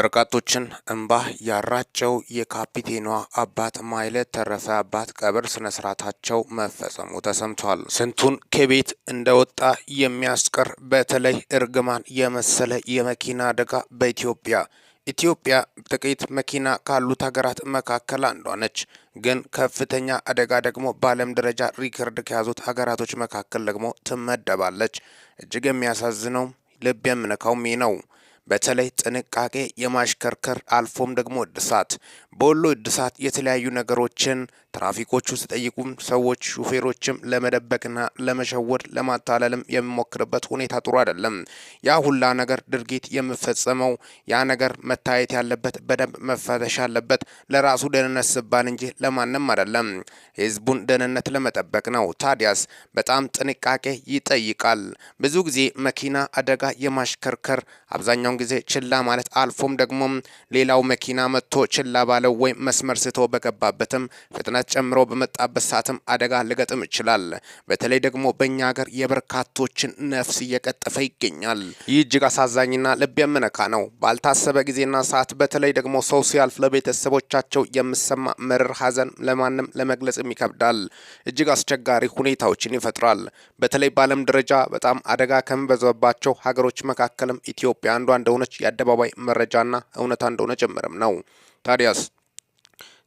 የበርካቶችን እንባ ያራጨው የካፒቴኗ አባት ማህሌት ተረፈ አባት ቀብር ስነስርዓታቸው መፈጸሙ ተሰምቷል። ስንቱን ከቤት እንደወጣ የሚያስቀር በተለይ እርግማን የመሰለ የመኪና አደጋ በኢትዮጵያ ኢትዮጵያ ጥቂት መኪና ካሉት ሀገራት መካከል አንዷ ነች። ግን ከፍተኛ አደጋ ደግሞ በዓለም ደረጃ ሪከርድ ከያዙት ሀገራቶች መካከል ደግሞ ትመደባለች። እጅግ የሚያሳዝነው ልብ የምነካው ሚ ነው። በተለይ ጥንቃቄ፣ የማሽከርከር አልፎም ደግሞ እድሳት። በወሎ እድሳት የተለያዩ ነገሮችን ትራፊኮቹ ሲጠይቁም ሰዎች ሹፌሮችም ለመደበቅና ለመሸወድ ለማታለልም የሚሞክርበት ሁኔታ ጥሩ አይደለም። ያ ሁላ ነገር ድርጊት የምፈጸመው ያ ነገር መታየት ያለበት በደንብ መፈተሽ ያለበት ለራሱ ደህንነት ስባል እንጂ ለማንም አይደለም። የህዝቡን ደህንነት ለመጠበቅ ነው። ታዲያስ በጣም ጥንቃቄ ይጠይቃል። ብዙ ጊዜ መኪና አደጋ የማሽከርከር አብዛኛውን ጊዜ ችላ ማለት አልፎም ደግሞ ሌላው መኪና መጥቶ ችላ ባለው ወይም መስመር ስቶ በገባበትም ፍጥነት ጨምሮ በመጣበት ሰዓትም አደጋ ልገጥም ይችላል። በተለይ ደግሞ በእኛ ሀገር የበርካቶችን ነፍስ እየቀጠፈ ይገኛል። ይህ እጅግ አሳዛኝና ልብ የምነካ ነው። ባልታሰበ ጊዜና ሰዓት በተለይ ደግሞ ሰው ሲያልፍ ለቤተሰቦቻቸው የምሰማ መርር ሀዘን ለማንም ለመግለጽም ይከብዳል። እጅግ አስቸጋሪ ሁኔታዎችን ይፈጥራል። በተለይ በዓለም ደረጃ በጣም አደጋ ከሚበዛባቸው ሀገሮች መካከልም ኢትዮጵያ አንዷ እንደሆነች የአደባባይ መረጃና እውነታ እንደሆነ ጭምርም ነው። ታዲያስ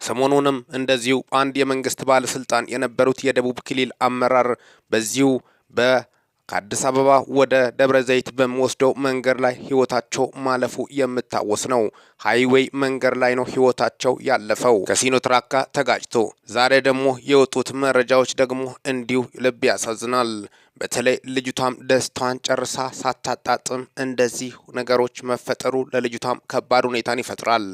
ሰሞኑንም እንደዚሁ አንድ የመንግስት ባለስልጣን የነበሩት የደቡብ ክልል አመራር በዚሁ በ ከአዲስ አበባ ወደ ደብረ ዘይት በሚወስደው መንገድ ላይ ህይወታቸው ማለፉ የምታወስ ነው። ሃይዌይ መንገድ ላይ ነው ህይወታቸው ያለፈው ከሲኖትራክ ጋር ተጋጭቶ። ዛሬ ደግሞ የወጡት መረጃዎች ደግሞ እንዲሁ ልብ ያሳዝናል። በተለይ ልጅቷም ደስታዋን ጨርሳ ሳታጣጥም እንደዚህ ነገሮች መፈጠሩ ለልጅቷም ከባድ ሁኔታን ይፈጥራል።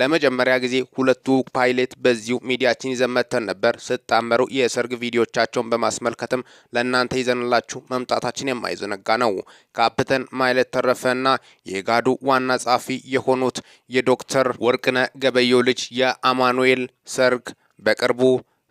ለመጀመሪያ ጊዜ ሁለቱ ፓይሌት በዚሁ ሚዲያችን ይዘመተን ነበር። ስጣመሩ የሰርግ ቪዲዮቻቸውን በማስመልከትም ለእናንተ ይዘንላችሁ መምጣታችን የማይዘነጋ ነው። ካፕተን ማይለት ተረፈና የጋዱ ዋና ጸሐፊ የሆኑት የዶክተር ወርቅነ ገበየው ልጅ የአማኑኤል ሰርግ በቅርቡ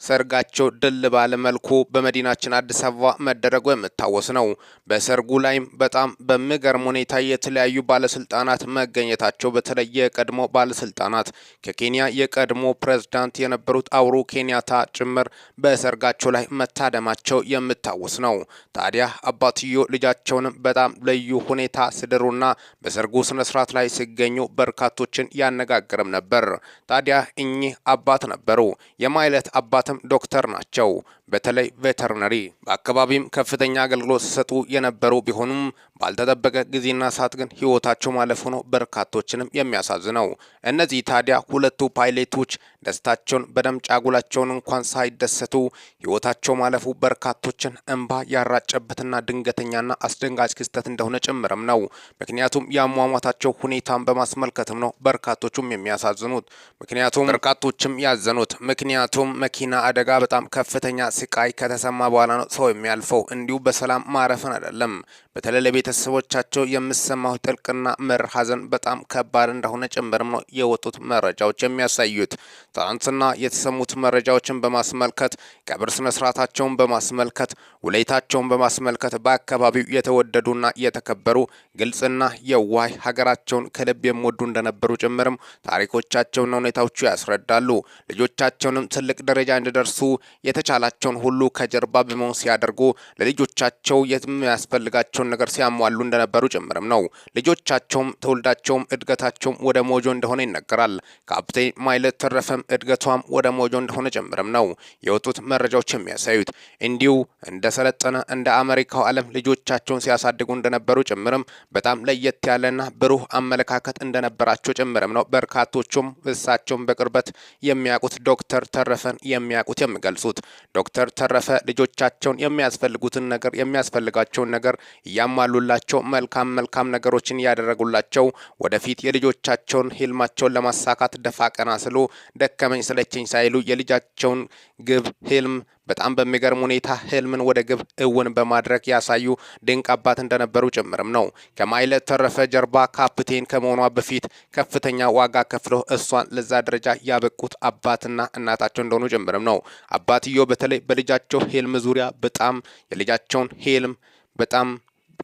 ሰርጋቸው ድል ባለ መልኩ በመዲናችን አዲስ አበባ መደረጉ የሚታወስ ነው። በሰርጉ ላይም በጣም በሚገርም ሁኔታ የተለያዩ ባለስልጣናት መገኘታቸው በተለይ የቀድሞ ባለስልጣናት ከኬንያ የቀድሞ ፕሬዝዳንት የነበሩት አውሩ ኬንያታ ጭምር በሰርጋቸው ላይ መታደማቸው የሚታወስ ነው። ታዲያ አባትዮ ልጃቸውንም በጣም ልዩ ሁኔታ ሲድሩና በሰርጉ ስነስርዓት ላይ ሲገኙ በርካቶችን ያነጋግርም ነበር። ታዲያ እኚህ አባት ነበሩ የማይለት አባት አባትም ዶክተር ናቸው። በተለይ ቬተርነሪ በአካባቢም ከፍተኛ አገልግሎት ሲሰጡ የነበሩ ቢሆኑም ባልተጠበቀ ጊዜና ሰዓት ግን ህይወታቸው ማለፍ ሆኖ በርካቶችንም የሚያሳዝነው። እነዚህ ታዲያ ሁለቱ ፓይሌቶች ደስታቸውን በደም ጫጉላቸውን እንኳን ሳይደሰቱ ህይወታቸው ማለፉ በርካቶችን እንባ ያራጨበትና ድንገተኛና አስደንጋጭ ክስተት እንደሆነ ጭምርም ነው። ምክንያቱም የአሟሟታቸው ሁኔታን በማስመልከትም ነው በርካቶቹም የሚያሳዝኑት፣ ምክንያቱም በርካቶችም ያዘኑት፣ ምክንያቱም መኪና አደጋ በጣም ከፍተኛ ስቃይ ከተሰማ በኋላ ነው ሰው የሚያልፈው፣ እንዲሁ በሰላም ማረፍን አይደለም። በተለይ ቤተሰቦቻቸው የሚሰማው ጥልቅና ምር ሀዘን በጣም ከባድ እንደሆነ ጭምርም ነው የወጡት መረጃዎች የሚያሳዩት። ትናንትና የተሰሙት መረጃዎችን በማስመልከት ቀብር ስነ ስርዓታቸውን በማስመልከት ውለታቸውን በማስመልከት በአካባቢው የተወደዱና የተከበሩ ግልጽና የዋህ ሀገራቸውን ከልብ የሚወዱ እንደነበሩ ጭምርም ታሪኮቻቸውና ሁኔታዎቹ ያስረዳሉ። ልጆቻቸውንም ትልቅ ደረጃ እንዲደርሱ የተቻላቸውን ሁሉ ከጀርባ በመሆን ሲያደርጉ ለልጆቻቸው የሚያስፈልጋቸውን ነገር ሲያሙ ያሟሉ እንደነበሩ ጭምርም ነው። ልጆቻቸውም ትውልዳቸውም እድገታቸውም ወደ ሞጆ እንደሆነ ይነገራል። ካፕቴን ማይለት ተረፈም እድገቷም ወደ ሞጆ እንደሆነ ጭምርም ነው የወጡት መረጃዎች የሚያሳዩት። እንዲሁ እንደ ሰለጠነ እንደ አሜሪካው ዓለም ልጆቻቸውን ሲያሳድጉ እንደነበሩ ጭምርም በጣም ለየት ያለና ብሩህ አመለካከት እንደነበራቸው ጭምርም ነው በርካቶቹም እሳቸውን በቅርበት የሚያውቁት ዶክተር ተረፈን የሚያውቁት የሚገልጹት። ዶክተር ተረፈ ልጆቻቸውን የሚያስፈልጉትን ነገር የሚያስፈልጋቸውን ነገር እያሟሉ ያደረጉላቸው መልካም መልካም ነገሮችን ያደረጉላቸው ወደፊት የልጆቻቸውን ህልማቸውን ለማሳካት ደፋ ቀና ስሉ ደከመኝ ስለችኝ ሳይሉ የልጃቸውን ግብ ህልም በጣም በሚገርም ሁኔታ ህልምን ወደ ግብ እውን በማድረግ ያሳዩ ድንቅ አባት እንደነበሩ ጭምርም ነው። ከማይለት ተረፈ ጀርባ ካፕቴን ከመሆኗ በፊት ከፍተኛ ዋጋ ከፍሎ እሷን ለዛ ደረጃ ያበቁት አባትና እናታቸው እንደሆኑ ጭምርም ነው። አባትዮ በተለይ በልጃቸው ህልም ዙሪያ በጣም የልጃቸውን ህልም በጣም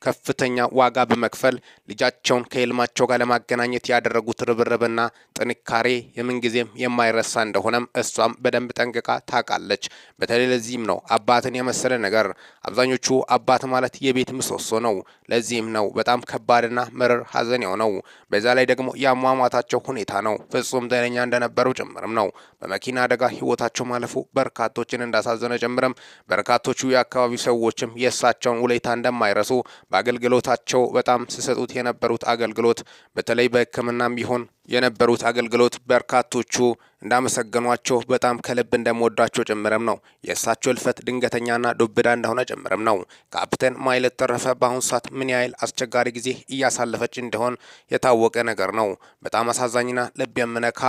ከፍተኛ ዋጋ በመክፈል ልጃቸውን ከህልማቸው ጋር ለማገናኘት ያደረጉት ርብርብና ጥንካሬ የምንጊዜም የማይረሳ እንደሆነም እሷም በደንብ ጠንቅቃ ታውቃለች። በተለይ ለዚህም ነው አባትን የመሰለ ነገር አብዛኞቹ አባት ማለት የቤት ምሰሶ ነው። ለዚህም ነው በጣም ከባድና መረር ሀዘን የሆነው። በዛ ላይ ደግሞ የአሟሟታቸው ሁኔታ ነው ፍጹም ጤነኛ እንደነበረው ጭምርም ነው። በመኪና አደጋ ህይወታቸው ማለፉ በርካቶችን እንዳሳዘነ ጭምርም በርካቶቹ የአካባቢ ሰዎችም የእሳቸውን ውለታ እንደማይረሱ በአገልግሎታቸው በጣም ሲሰጡት የነበሩት አገልግሎት በተለይ በሕክምናም ቢሆን የነበሩት አገልግሎት በርካቶቹ እንዳመሰገኗቸው በጣም ከልብ እንደምወዷቸው ጭምርም ነው። የእሳቸው እልፈት ድንገተኛና ዱብዳ እንደሆነ ጭምርም ነው። ካፕቴን ማይለት ተረፈ በአሁኑ ሰዓት ምን ያህል አስቸጋሪ ጊዜ እያሳለፈች እንደሆን የታወቀ ነገር ነው። በጣም አሳዛኝና ልብ የምነካ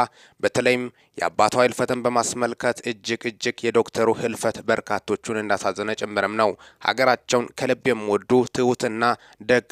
በተለይም የአባቷ ህልፈትን በማስመልከት እጅግ እጅግ የዶክተሩ ህልፈት በርካቶቹን እንዳሳዘነ ጭምርም ነው። ሀገራቸውን ከልብ የምወዱ ትሁትና ደግ፣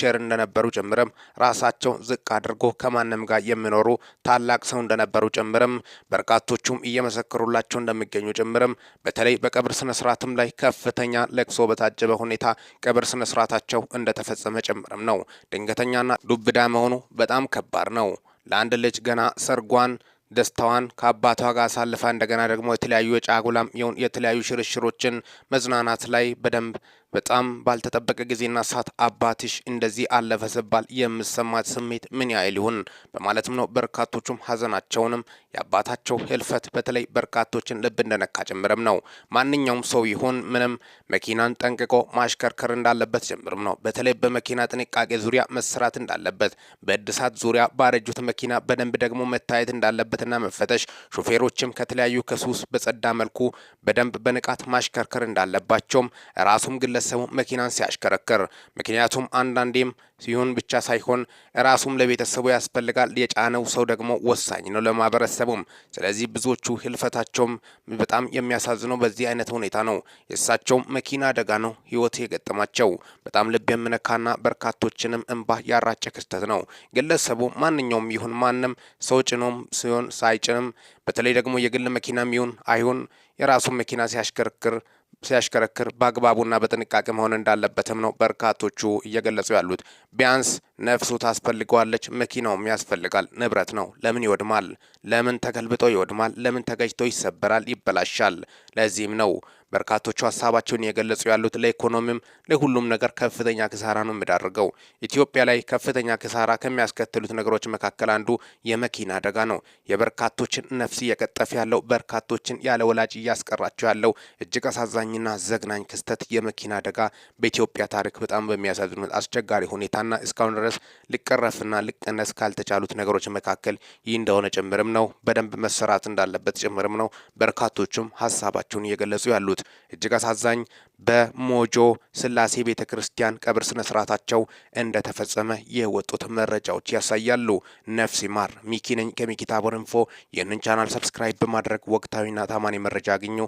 ቸር እንደነበሩ ጭምርም ራሳቸው ዝቅ አድርጎ ከማንም ጋር የሚኖሩ ታላቅ ሰው እንደነበሩ ጭምርም በርካቶቹም እየመሰከሩላቸው እንደሚገኙ ጭምርም በተለይ በቀብር ስነ ስርዓትም ላይ ከፍተኛ ለቅሶ በታጀበ ሁኔታ ቀብር ስነ ስርዓታቸው እንደተፈጸመ ጭምርም ነው። ድንገተኛና ዱብዳ መሆኑ በጣም ከባድ ነው። ለአንድ ልጅ ገና ሰርጓን ደስታዋን ከአባቷ ጋር አሳልፋ እንደገና ደግሞ የተለያዩ የጫጉላም የሆን የተለያዩ ሽርሽሮችን መዝናናት ላይ በደንብ በጣም ባልተጠበቀ ጊዜና ሰዓት አባትሽ እንደዚህ አለፈ ስባል የምሰማት ስሜት ምን ያህል ይሆን በማለትም ነው በርካቶቹም ሀዘናቸውንም የአባታቸው ህልፈት በተለይ በርካቶችን ልብ እንደነካ ጭምርም ነው። ማንኛውም ሰው ይሆን ምንም መኪናን ጠንቅቆ ማሽከርከር እንዳለበት ጭምርም ነው። በተለይ በመኪና ጥንቃቄ ዙሪያ መሰራት እንዳለበት፣ በእድሳት ዙሪያ ባረጁት መኪና በደንብ ደግሞ መታየት እንዳለበትና መፈተሽ፣ ሾፌሮችም ከተለያዩ ከሱስ በጸዳ መልኩ በደንብ በንቃት ማሽከርከር እንዳለባቸውም ራሱም ግለ ሰው መኪናን ሲያሽከረክር። ምክንያቱም አንዳንዴም ሲሆን ብቻ ሳይሆን ራሱም ለቤተሰቡ ያስፈልጋል። የጫነው ሰው ደግሞ ወሳኝ ነው ለማህበረሰቡም። ስለዚህ ብዙዎቹ ህልፈታቸውም በጣም የሚያሳዝነው በዚህ አይነት ሁኔታ ነው። የእሳቸውም መኪና አደጋ ነው ህይወት የገጠማቸው። በጣም ልብ የምነካና በርካቶችንም እንባ ያራጨ ክስተት ነው። ግለሰቡ ማንኛውም ይሁን ማንም ሰው ጭኖም ሲሆን ሳይጭንም፣ በተለይ ደግሞ የግል መኪናም ይሁን አይሁን የራሱን መኪና ሲያሽከርክር ሲያሽከረክር በአግባቡና በጥንቃቄ መሆን እንዳለበትም ነው በርካቶቹ እየገለጹ ያሉት። ቢያንስ ነፍሱ ታስፈልገዋለች፣ መኪናውም ያስፈልጋል። ንብረት ነው። ለምን ይወድማል? ለምን ተገልብጦ ይወድማል? ለምን ተገጅቶ ይሰበራል፣ ይበላሻል? ለዚህም ነው በርካቶቹ ሀሳባቸውን እየገለጹ ያሉት ለኢኮኖሚም ለሁሉም ነገር ከፍተኛ ክሳራ ነው የሚዳርገው። ኢትዮጵያ ላይ ከፍተኛ ክሳራ ከሚያስከትሉት ነገሮች መካከል አንዱ የመኪና አደጋ ነው። የበርካቶችን ነፍስ እየቀጠፈ ያለው በርካቶችን ያለ ወላጅ እያስቀራቸው ያለው እጅግ አሳዛኝና ዘግናኝ ክስተት የመኪና አደጋ በኢትዮጵያ ታሪክ በጣም በሚያሳዝኑ አስቸጋሪ ሁኔታና እስካሁን ድረስ ሊቀረፍና ሊቀነስ ካልተቻሉት ነገሮች መካከል ይህ እንደሆነ ጭምርም ነው። በደንብ መሰራት እንዳለበት ጭምርም ነው። በርካቶቹም ሀሳባቸውን እየገለጹ ያሉት እጅግ አሳዛኝ በሞጆ ስላሴ ቤተ ክርስቲያን ቀብር ስነ ስርዓታቸው እንደተፈጸመ የወጡት መረጃዎች ያሳያሉ። ነፍስ ይማር። ሚኪ ነኝ ከሚኪታቦር ኢንፎ። ይህንን ቻናል ሰብስክራይብ በማድረግ ወቅታዊና ታማኝ መረጃ አግኙ።